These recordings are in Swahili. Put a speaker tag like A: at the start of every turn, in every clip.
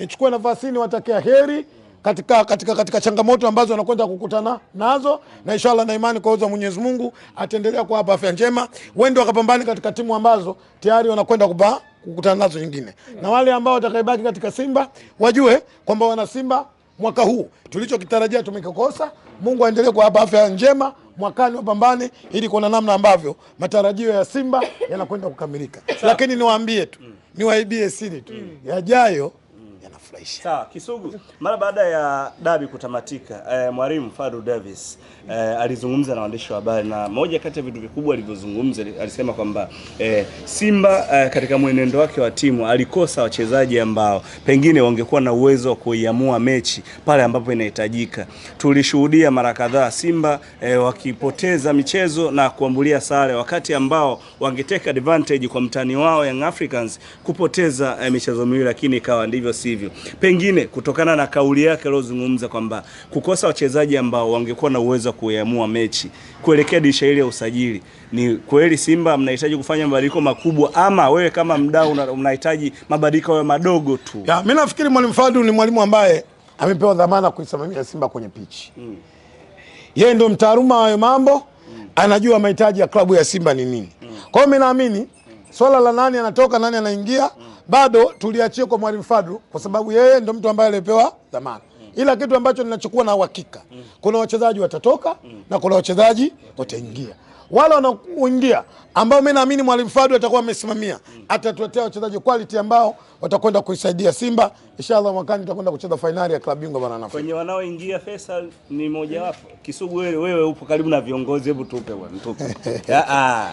A: nichukue nafasi hii niwatakia heri katika, katika, katika changamoto ambazo wanakwenda kukutana nazo, na inshallah na imani kwa uwezo wa Mwenyezi Mungu ataendelea kuwapa afya njema, wende wakapambane katika timu ambazo tayari wanakwenda kupa kukutana nazo nyingine, na wale ambao watakaibaki katika Simba wajue kwamba wana Simba mwaka huu tulichokitarajia tumekikosa. Mungu aendelee kuwapa afya njema, mwakani wapambane ili kuna namna ambavyo matarajio ya Simba yanakwenda kukamilika. Lakini niwaambie tu, niwaibie siri tu, mm. yajayo yanafurahisha.
B: Sawa, Kisugu, mara baada ya dabi kutamatika, eh, mwalimu Fadlu Davis eh, alizungumza na waandishi wa habari na moja kati ya vitu vikubwa alivyozungumza alisema kwamba eh, Simba eh, katika mwenendo wake wa timu alikosa wachezaji ambao pengine wangekuwa na uwezo wa kuiamua mechi pale ambapo inahitajika. Tulishuhudia mara kadhaa Simba eh, wakipoteza michezo na kuambulia sare wakati ambao wangeteka advantage kwa mtani wao Young Africans kupoteza eh, michezo miwili, lakini ikawa ndivyo sivyo pengine kutokana na kauli yake aliyozungumza kwamba kukosa wachezaji ambao wangekuwa na uwezo wa kuiamua mechi kuelekea dirisha hili ya usajili, ni kweli Simba mnahitaji kufanya mabadiliko makubwa, ama wewe kama mdau unahitaji mabadiliko hayo madogo tu?
A: Ya, Mimi nafikiri mwalimu Fadu ni mwalimu ambaye amepewa dhamana kuisimamia Simba kwenye pichi mm. Yeye ndio mtaaluma wa mambo mm. Anajua mahitaji ya klabu ya Simba ni nini mm. Kwa hiyo mimi naamini mm. swala la nani anatoka nani anaingia mm bado tuliachia kwa mwalimu Fadru kwa sababu yeye ndo mtu ambaye alipewa dhamana mm. Ila kitu ambacho ninachokuwa na uhakika mm. kuna wachezaji watatoka mm. na kuna wachezaji wataingia wale wanaoingia ambao mimi naamini mwalimu Fadlu atakuwa amesimamia mm. atatuletea wachezaji quality ambao watakwenda kuisaidia Simba inshallah. Mwakani tutakwenda kucheza fainali ya klabu bingwa bana nafasi.
B: kwenye wanaoingia Faisal ni mojawapo Kisugu. Wewe wewe upo karibu na viongozi, hebu tupe bwana, tupe
A: ah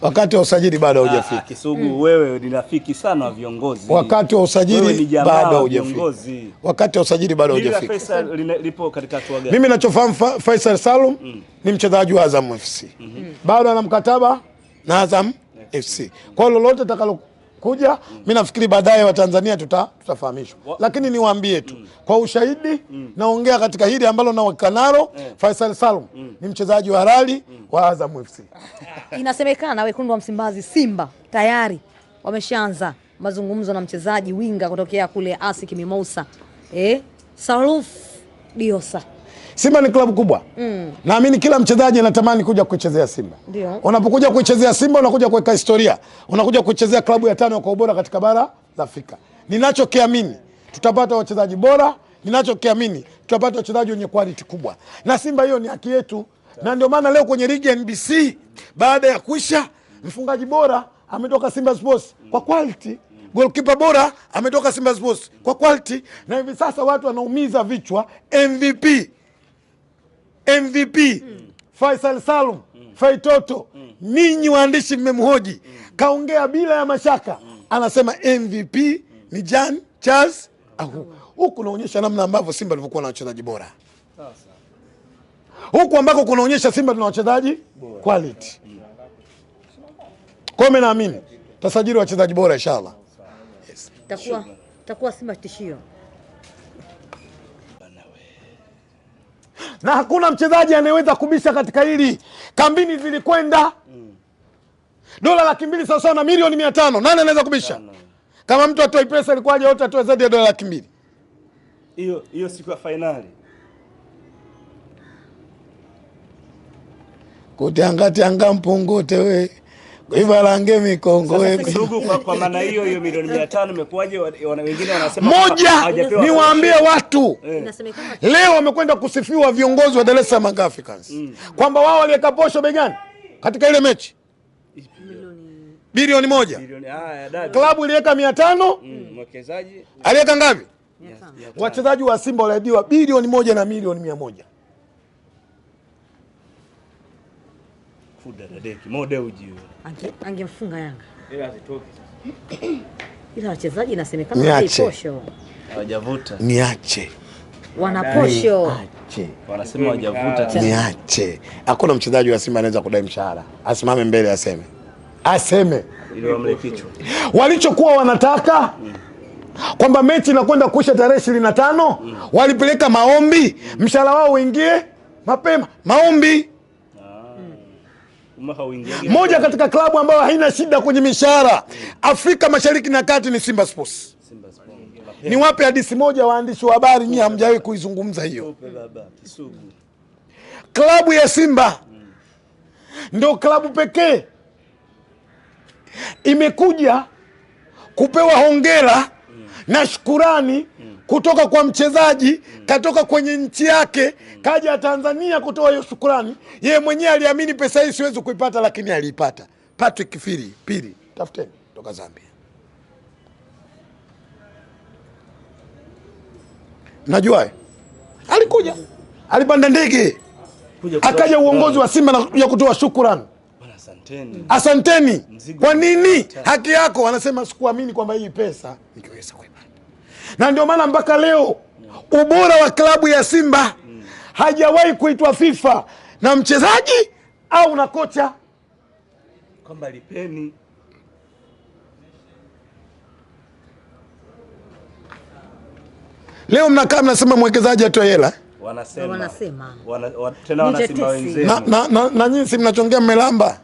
A: wakati wa usajili bado haujafika. Ah, ah,
B: Kisugu, hmm. wewe ni rafiki sana wa viongozi.
A: Wakati wa usajili bado haujafika. Wakati wa usajili bado
B: haujafika.
A: Mimi ninachofahamu Faisal Salum hmm. ni mchezaji wa Azam FC -hmm. bado ana mkataba na Azam FC, mm. kwa hiyo lolote atakalo kuja mm. Mi nafikiri baadaye Watanzania tuta, tutafahamishwa, lakini niwaambie tu mm. kwa ushahidi mm. naongea katika hili ambalo na wakanaro eh. Faisal Salum mm. ni mchezaji wa rali mm. wa Azam FC
C: inasemekana wekundu wa Msimbazi Simba tayari wameshaanza mazungumzo na mchezaji winga kutokea kule asikimimousa Mimosa eh, saruf Diosa.
A: Simba ni klabu kubwa mm. Naamini kila mchezaji anatamani kuja kuichezea Simba. Ndio. Unapokuja kuichezea Simba unakuja kuweka historia, unakuja kuichezea klabu ya tano kwa ubora katika bara la Afrika. Ninachokiamini tutapata wachezaji bora, ninachokiamini tutapata wachezaji wenye quality kubwa, na Simba hiyo ni haki yetu Na ndio maana leo kwenye ligi NBC baada ya kuisha mfungaji bora ametoka Simba Sports kwa quality golkipa bora ametoka Simba Sports kwa quality, na hivi sasa watu wanaumiza vichwa MVP MVP mm. Faisal Salum mm. Faitoto mm. ninyi waandishi mmemhoji mm. kaongea bila ya mashaka mm. anasema MVP mm. ni Jan Charles Ahu Huku naonyesha namna ambavyo Simba livokuwa na wachezaji bora huku ambako kunaonyesha Simba tuna wachezaji quality. Kwa hiyo naamini tasajili wachezaji bora inshallah.
C: Yes. Takuwa, takuwa Simba tishio.
A: na hakuna mchezaji anayeweza kubisha katika hili. Kambini zilikwenda dola laki mbili sawasawa na milioni mia tano. Nani anaweza kubisha Kama mtu atoi pesa ilikuwaje wote atoe zaidi ya dola laki mbili
B: hiyo hiyo siku ya fainali
A: kutiangatianga mpungute we Ivalange mikongo
B: ndugu. Kwa, kwa maana hiyo hiyo milioni 500 tano Wana Wengine wanasema
A: moja, niwaambie watu yeah. Eh. Leo wamekwenda kusifiwa viongozi wa Dar es Salaam Africans mm. kwamba wao waliweka posho begani katika ile mechi bilioni moja, ah, klabu iliweka mia tano mm, aliweka ngapi? Wachezaji wa Simba waliahidiwa bilioni moja na milioni mia moja.
B: Fuda dadeki mode ujiwe.
C: Ange, angemfunga Yanga. ila azitoki sasa. Ila wachezaji nasemekana
A: wanaposho.
B: Hawajavuta.
A: Niache.
C: Wanaposho. Niache.
B: Wanasema hawajavuta.
A: Niache. Hakuna mchezaji wa Simba anaweza kudai mshahara. Asimame mbele aseme. Aseme. Ile wamle kichwa. Walichokuwa wanataka kwamba mechi inakwenda kuisha tarehe ishirini na tano, mm. walipeleka maombi mshahara wao uingie mapema, maombi moja katika klabu ambayo haina shida kwenye mishahara Afrika Mashariki na Kati ni Simba Sports.
B: Ni wape hadithi moja, waandishi wa habari, nyie hamjawahi kuizungumza hiyo.
A: Klabu ya Simba ndo klabu pekee imekuja kupewa hongera mm. na shukurani mm. kutoka kwa mchezaji mm. katoka kwenye nchi yake mm. kaja Tanzania kutoa hiyo shukurani. Yeye mwenyewe aliamini pesa hii siwezi kuipata, lakini aliipata. Patrick Firi pili, tafuteni toka Zambia. Najua eh? alikuja alipanda ndege akaja uongozi wa Simba na kuja kutoa shukurani asanteni, asanteni. Kwa nini? Haki yako. Wanasema sikuamini kwamba hii pesa ningeweza kuipata, na ndio maana mpaka leo mm. ubora wa klabu ya Simba mm. hajawahi kuitwa FIFA na mchezaji au na kocha
B: kwamba lipeni
A: Leo mnakaa mnasema mwekezaji atoe hela, eh?
C: wanasema wanasema, wana, wana, tena
A: wanasema wenzetu, na, na, na, na nyinyi si mnachongea mmelamba.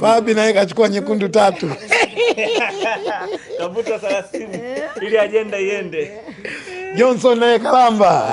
A: Fabi naye kachukua nyekundu tatu.
B: Tafuta thelathini ili ajenda iende.
A: Johnson naye kalamba.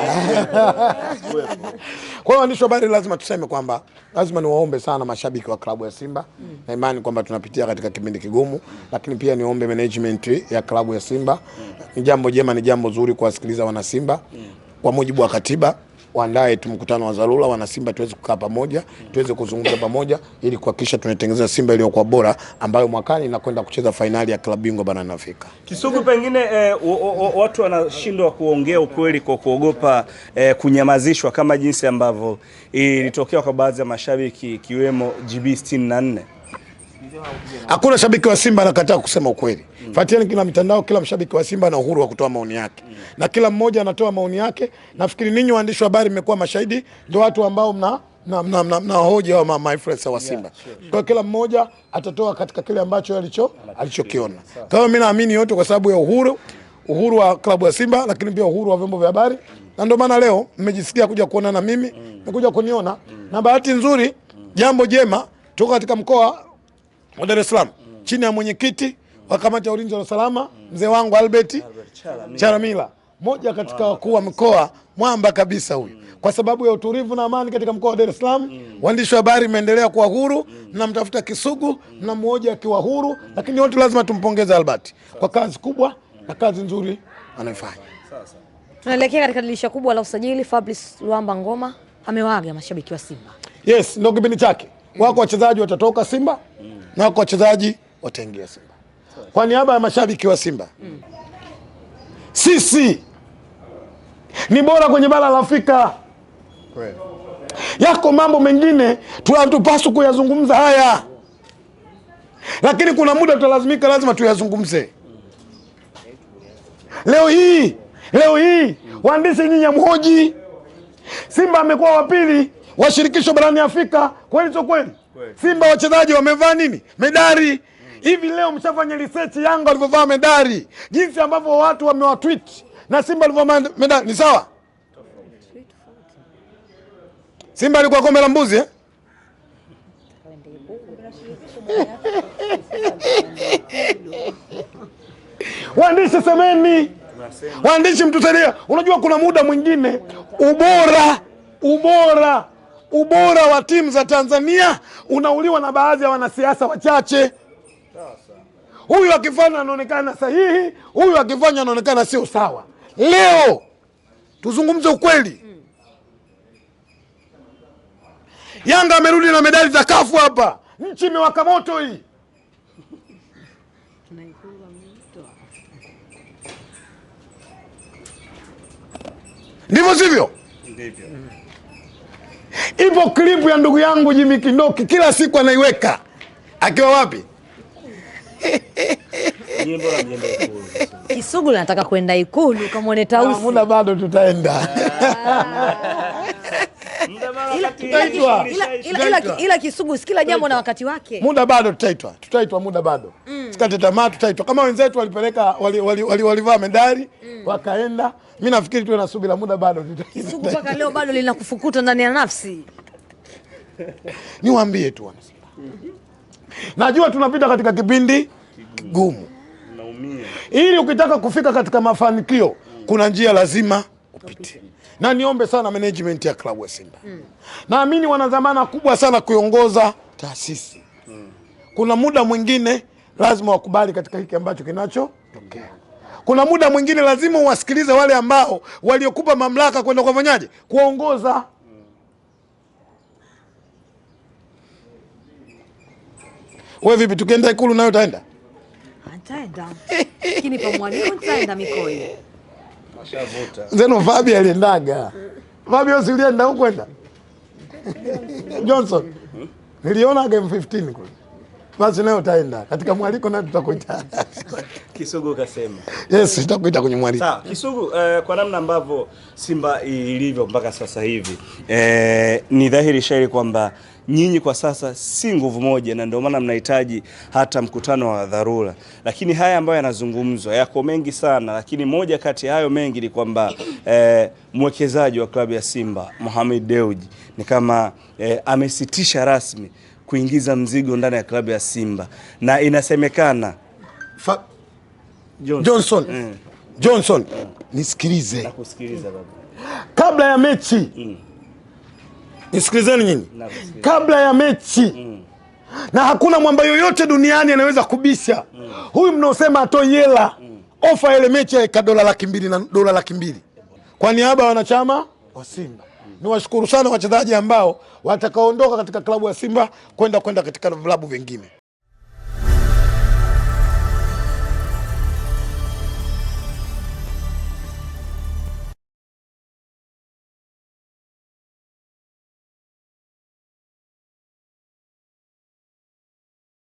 A: Kwa hiyo waandishi wa habari, lazima tuseme kwamba lazima niwaombe sana mashabiki wa klabu ya Simba mm. na imani kwamba tunapitia katika kipindi kigumu, lakini pia niombe management ya klabu ya Simba mm. ni jambo jema, ni jambo zuri kuwasikiliza wanasimba mm. kwa mujibu wa katiba waandae tu mkutano wa dharura, wana Simba tuweze kukaa pamoja, tuweze kuzungumza pamoja ili kuhakikisha tunatengeneza Simba iliyokuwa bora ambayo mwakani inakwenda kucheza fainali ya klabu bingwa barani Afrika.
B: Kisugu, pengine eh, o, watu wanashindwa kuongea ukweli kwa kuogopa e, kunyamazishwa kama jinsi ambavyo ilitokea kwa baadhi ya mashabiki ikiwemo GB 64.
A: Hakuna shabiki wa Simba anakataa kusema ukweli. Mm. Fuatieni kila mtandao, kila mshabiki wa Simba ana uhuru wa kutoa maoni yake. Mm. Na kila mmoja anatoa maoni yake. Nafikiri ninyi waandishi wa habari mmekuwa mashahidi, ndio watu ambao mna na, na, na, na hoja wa mama influencer wa Simba. Yeah, sure. Kwa kila mmoja atatoa katika kile ambacho alicho alichokiona. Kwa hiyo mimi naamini yote kwa sababu ya uhuru uhuru wa klabu ya Simba lakini pia uhuru wa vyombo vya habari. Mm. Na ndio maana leo mmejisikia kuja kuona na mimi, mmekuja kuniona. Mm. Na bahati nzuri, mm. jambo jema, toka katika mkoa wa Dar es Salaam mm. chini ya mwenyekiti mm. wa kamati ya ulinzi na usalama mm. mzee wangu Albert, Albert moja katika wakuu wa mkoa mwamba kabisa huyu mm. kwa sababu ya utulivu na amani katika mkoa wa Dar es Salaam mm. waandishi wa habari mmeendelea kuwa huru mm. mnamtafuta Kisugu na mmoja akiwa huru mm. lakini wote lazima tumpongeze Albert kwa kazi kubwa na kazi nzuri anayofanya.
C: Tunaelekea katika dirisha kubwa la usajili. Fabrice Luamba Ngoma amewaga mashabiki wa Simba.
A: Yes, ndio kipindi chake. Wako wachezaji watatoka Simba na wako wachezaji wataingia Simba. Kwa niaba ya mashabiki wa Simba, sisi ni bora kwenye bara la Afrika. Yako mambo mengine tunatupaswa kuyazungumza haya, lakini kuna muda tutalazimika, lazima tuyazungumze. Leo hii leo hii waandishi, nyinyi amhoji Simba amekuwa wa pili wa barani Afrika, kweli sio kweli? Simba wachezaji wamevaa nini? Medari. Hivi leo mshafanya research Yanga walivyovaa medari, jinsi ambavyo watu wamewatweet na Simba walivyovaa medari ni sawa? Simba alikuwa kombe la mbuzi eh? Waandishi semeni, waandishi mtusaidia. Unajua kuna muda mwingine ubora ubora ubora wa timu za Tanzania unauliwa na baadhi ya wanasiasa wachache. Huyu akifanya anaonekana sahihi, huyu akifanya anaonekana sio sawa. Leo tuzungumze ukweli, Yanga amerudi na medali za kafu hapa, nchi imewaka moto hii. Ndivyo sivyo? Ndivyo. Ipo klipu ya ndugu yangu Jimmy Kindoki, kila siku anaiweka akiwa wapi?
C: Kisugu nataka kwenda Ikulu kamwone Tausi,
A: muda bado tutaenda. Ah
C: tutaitwa ila Kisugu, sikila jambo na wakati wake. Muda
A: bado, tutaitwa tutaitwa, muda bado, mm. sikate tamaa, tutaitwa kama wenzetu walipeleka, walivaa medali mm. wakaenda. mi nafikiri tuwe na subira, muda bado.
C: Kisugu mpaka leo bado linakufukuta ndani ya nafsi.
A: Niwaambie tu wana Simba, najua tunapita katika kipindi kigumu, ili ukitaka kufika katika mafanikio, kuna njia lazima upite. Na niombe sana management ya klabu ya Simba mm. Naamini wana dhamana kubwa sana kuiongoza taasisi mm. Kuna muda mwingine lazima wakubali katika hiki ambacho kinachotokea. Kuna muda mwingine lazima uwasikilize wale ambao waliokupa mamlaka kwenda kufanyaje, kuongoza We vipi, tukienda Ikulu nayo utaenda?
C: ataenda lakini pamwalimu taenda mikoi.
A: Zeno Fabi aliendaga. Fabi wewe ulienda huko Johnson. Niliona game 15 kule basi nayo utaenda katika mwaliko nayo tutakuita
B: Kisugu kasema.
A: Yes, tutakuita kwenye mwaliko. Sawa,
B: Kisugu eh, kwa namna ambavyo Simba ilivyo mpaka sasa hivi eh, ni dhahiri shairi kwamba nyinyi kwa sasa si nguvu moja, na ndio maana mnahitaji hata mkutano wa dharura. Lakini haya ambayo yanazungumzwa yako mengi sana, lakini moja kati ya hayo mengi ni kwamba eh, mwekezaji wa klabu ya Simba Mohamed deuji ni kama eh, amesitisha rasmi kuingiza mzigo ndani ya klabu ya Simba na inasemekana Fa
A: Johnson, Johnson. Mm. Johnson. Mm. Nisikilize. Nakusikiliza baba. Kabla ya mechi mm. Nisikilizeni nyinyi. Kabla ya mechi mm. na hakuna mwamba yoyote duniani anaweza kubisha mm. huyu mnaosema atoi hela mm. ofa ile mechi ya dola laki mbili na dola laki mbili kwa niaba ya wanachama wa Simba. Ni washukuru sana wachezaji ambao watakaondoka katika klabu ya Simba kwenda kwenda katika vilabu vingine.